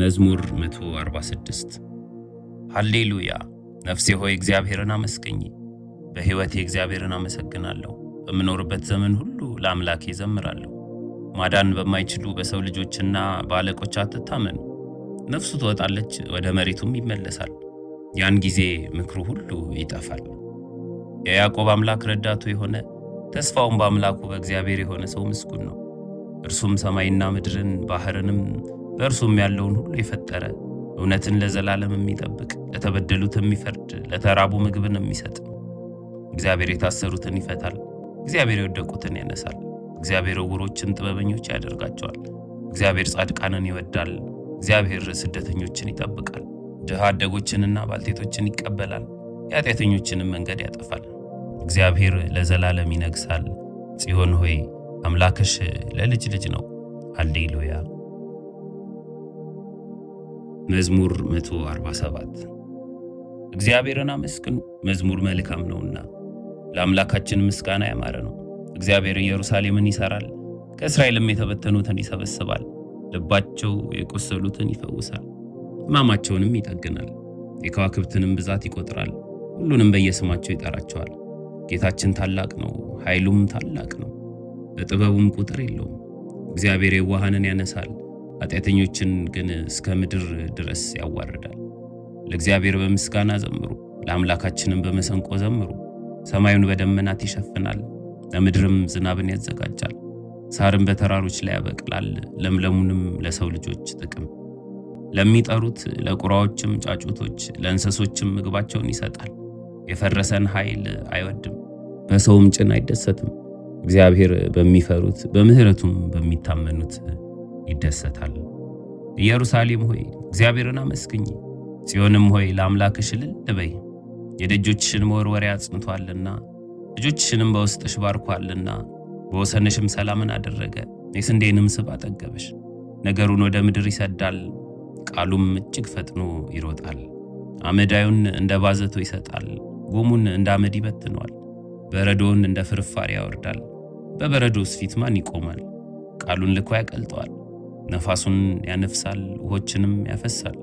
መዝሙር 146 ሃሌሉያ ነፍሴ ሆይ እግዚአብሔርን አመስገኝ። በሕይወቴ እግዚአብሔርን አመሰግናለሁ። በምኖርበት ዘመን ሁሉ ለአምላኬ ዘምራለሁ። ማዳን በማይችሉ በሰው ልጆችና በአለቆች አትታመኑ። ነፍሱ ትወጣለች፣ ወደ መሬቱም ይመለሳል። ያን ጊዜ ምክሩ ሁሉ ይጠፋል። የያዕቆብ አምላክ ረዳቱ የሆነ ተስፋውን በአምላኩ በእግዚአብሔር የሆነ ሰው ምስጉን ነው። እርሱም ሰማይና ምድርን ባህርንም በእርሱም ያለውን ሁሉ የፈጠረ እውነትን ለዘላለም የሚጠብቅ ለተበደሉት የሚፈርድ ለተራቡ ምግብን የሚሰጥ እግዚአብሔር የታሰሩትን ይፈታል። እግዚአብሔር የወደቁትን ያነሳል። እግዚአብሔር ዕውሮችን ጥበበኞች ያደርጋቸዋል። እግዚአብሔር ጻድቃንን ይወዳል። እግዚአብሔር ስደተኞችን ይጠብቃል። ድሃ አደጎችንና ባልቴቶችን ይቀበላል። የኃጢአተኞችንም መንገድ ያጠፋል። እግዚአብሔር ለዘላለም ይነግሣል። ጽዮን ሆይ አምላክሽ ለልጅ ልጅ ነው። ሃሌሉያ መዝሙር 147 እግዚአብሔርን አመስግኑ፣ መዝሙር መልካም ነውና፣ ለአምላካችን ምስጋና ያማረ ነው። እግዚአብሔር ኢየሩሳሌምን ይሠራል፣ ከእስራኤልም የተበተኑትን ይሰበስባል። ልባቸው የቆሰሉትን ይፈውሳል፣ ሕማማቸውንም ይጠግናል። የከዋክብትንም ብዛት ይቆጥራል፣ ሁሉንም በየስማቸው ይጠራቸዋል። ጌታችን ታላቅ ነው፣ ኃይሉም ታላቅ ነው፣ በጥበቡም ቁጥር የለውም። እግዚአብሔር የዋሃንን ያነሳል ኃጢአተኞችን ግን እስከ ምድር ድረስ ያዋርዳል። ለእግዚአብሔር በምስጋና ዘምሩ፣ ለአምላካችንም በመሰንቆ ዘምሩ። ሰማዩን በደመናት ይሸፍናል፣ ለምድርም ዝናብን ያዘጋጃል፣ ሳርን በተራሮች ላይ ያበቅላል፣ ለምለሙንም ለሰው ልጆች ጥቅም ለሚጠሩት ለቁራዎችም ጫጩቶች ለእንስሶችም ምግባቸውን ይሰጣል። የፈረሰን ኃይል አይወድም፣ በሰውም ጭን አይደሰትም። እግዚአብሔር በሚፈሩት በምሕረቱም በሚታመኑት ይደሰታል። ኢየሩሳሌም ሆይ እግዚአብሔርን አመስግኝ፣ ጽዮንም ሆይ ለአምላክሽ እልል በይ። የደጆችሽን መወርወሪያ አጽንቷልና ልጆችሽንም በውስጥሽ ባርኳልና በወሰንሽም ሰላምን አደረገ፣ የስንዴንም ስብ አጠገበሽ። ነገሩን ወደ ምድር ይሰዳል፣ ቃሉም እጅግ ፈጥኖ ይሮጣል። አመዳዩን እንደ ባዘቶ ይሰጣል፣ ጉሙን እንደ አመድ ይበትነዋል፣ በረዶውን እንደ ፍርፋሪ ያወርዳል። በበረዶስ ፊት ማን ይቆማል? ቃሉን ልኮ ያቀልጠዋል። ነፋሱን ያነፍሳል፣ ውሆችንም ያፈሳል።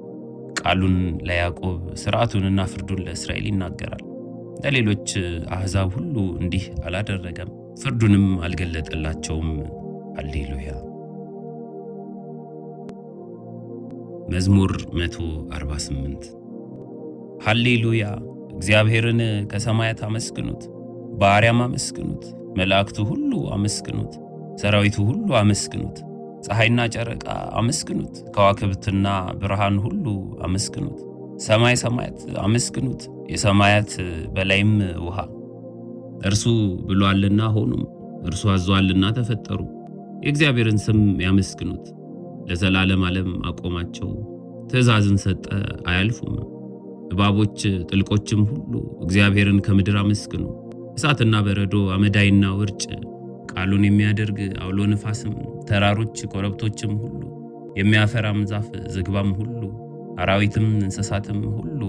ቃሉን ለያዕቆብ ሥርዓቱንና ፍርዱን ለእስራኤል ይናገራል። ለሌሎች አሕዛብ ሁሉ እንዲህ አላደረገም፣ ፍርዱንም አልገለጠላቸውም። አሌሉያ። መዝሙር 148 ሃሌሉያ። እግዚአብሔርን ከሰማያት አመስግኑት፣ በአርያም አመስግኑት፣ መላእክቱ ሁሉ አመስግኑት፣ ሰራዊቱ ሁሉ አመስግኑት። ፀሐይና ጨረቃ አመስግኑት፣ ከዋክብትና ብርሃን ሁሉ አመስግኑት፣ ሰማይ ሰማያት አመስግኑት፣ የሰማያት በላይም ውሃ። እርሱ ብሏልና ሆኑም፣ እርሱ አዟልና ተፈጠሩ። የእግዚአብሔርን ስም ያመስግኑት፣ ለዘላለም ዓለም አቆማቸው። ትእዛዝን ሰጠ አያልፉም። እባቦች ጥልቆችም ሁሉ እግዚአብሔርን ከምድር አመስግኑ። እሳትና በረዶ አመዳይና ውርጭ ቃሉን የሚያደርግ አውሎ ነፋስም ተራሮች ኮረብቶችም ሁሉ የሚያፈራም ዛፍ ዝግባም ሁሉ አራዊትም እንስሳትም ሁሉ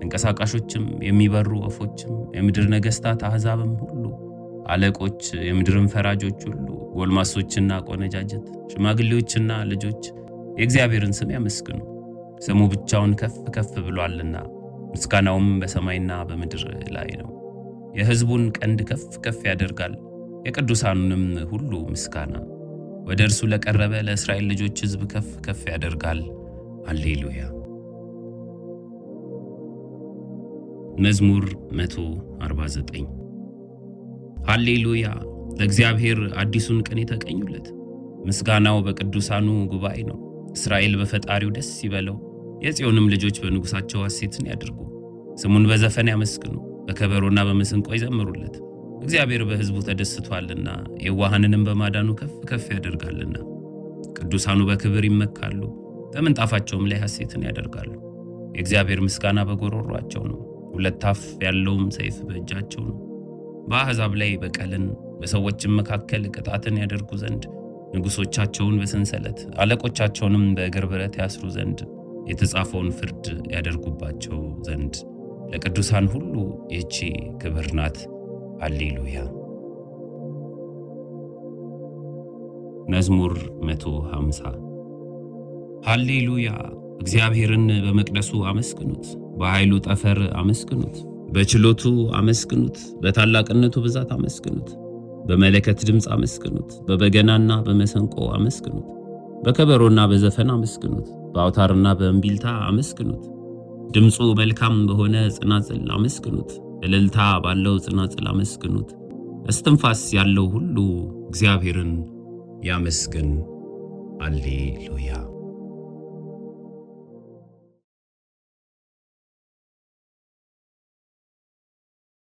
ተንቀሳቃሾችም የሚበሩ ወፎችም የምድር ነገሥታት አሕዛብም ሁሉ አለቆች የምድርም ፈራጆች ሁሉ ጎልማሶችና ቆነጃጀት ሽማግሌዎችና ልጆች የእግዚአብሔርን ስም ያመስግኑ፣ ስሙ ብቻውን ከፍ ከፍ ብሏልና ምስጋናውም በሰማይና በምድር ላይ ነው። የሕዝቡን ቀንድ ከፍ ከፍ ያደርጋል፣ የቅዱሳኑንም ሁሉ ምስጋና ወደ እርሱ ለቀረበ ለእስራኤል ልጆች ሕዝብ ከፍ ከፍ ያደርጋል። አሌሉያ። መዝሙር 149 ሃሌሉያ ለእግዚአብሔር አዲሱን ቀን የተቀኙለት። ምስጋናው በቅዱሳኑ ጉባኤ ነው። እስራኤል በፈጣሪው ደስ ይበለው፣ የጽዮንም ልጆች በንጉሳቸው ሐሴትን ያድርጉ። ስሙን በዘፈን ያመስግኑ፣ በከበሮና በመሰንቆ ይዘምሩለት። እግዚአብሔር በሕዝቡ ተደስቷልና የዋሃንንም በማዳኑ ከፍ ከፍ ያደርጋልና። ቅዱሳኑ በክብር ይመካሉ፣ በምንጣፋቸውም ላይ ሐሴትን ያደርጋሉ። የእግዚአብሔር ምስጋና በጎሮሯቸው ነው፣ ሁለት አፍ ያለውም ሰይፍ በእጃቸው ነው። በአሕዛብ ላይ በቀልን በሰዎችም መካከል ቅጣትን ያደርጉ ዘንድ ንጉሶቻቸውን በሰንሰለት አለቆቻቸውንም በእግር ብረት ያስሩ ዘንድ የተጻፈውን ፍርድ ያደርጉባቸው ዘንድ ለቅዱሳን ሁሉ ይህቺ ክብር ናት። አሌሉያ። መዝሙር 150 ሃሌሉያ። እግዚአብሔርን በመቅደሱ አመስግኑት፣ በኃይሉ ጠፈር አመስግኑት፣ በችሎቱ አመስግኑት፣ በታላቅነቱ ብዛት አመስግኑት፣ በመለከት ድምፅ አመስግኑት፣ በበገናና በመሰንቆ አመስግኑት፣ በከበሮና በዘፈን አመስግኑት፣ በአውታርና በእምቢልታ አመስግኑት፣ ድምፁ መልካም በሆነ ጽናጽል አመስግኑት። እልልታ ባለው ጽናጽል አመስግኑት። እስትንፋስ ያለው ሁሉ እግዚአብሔርን ያመስግን። አሌሉያ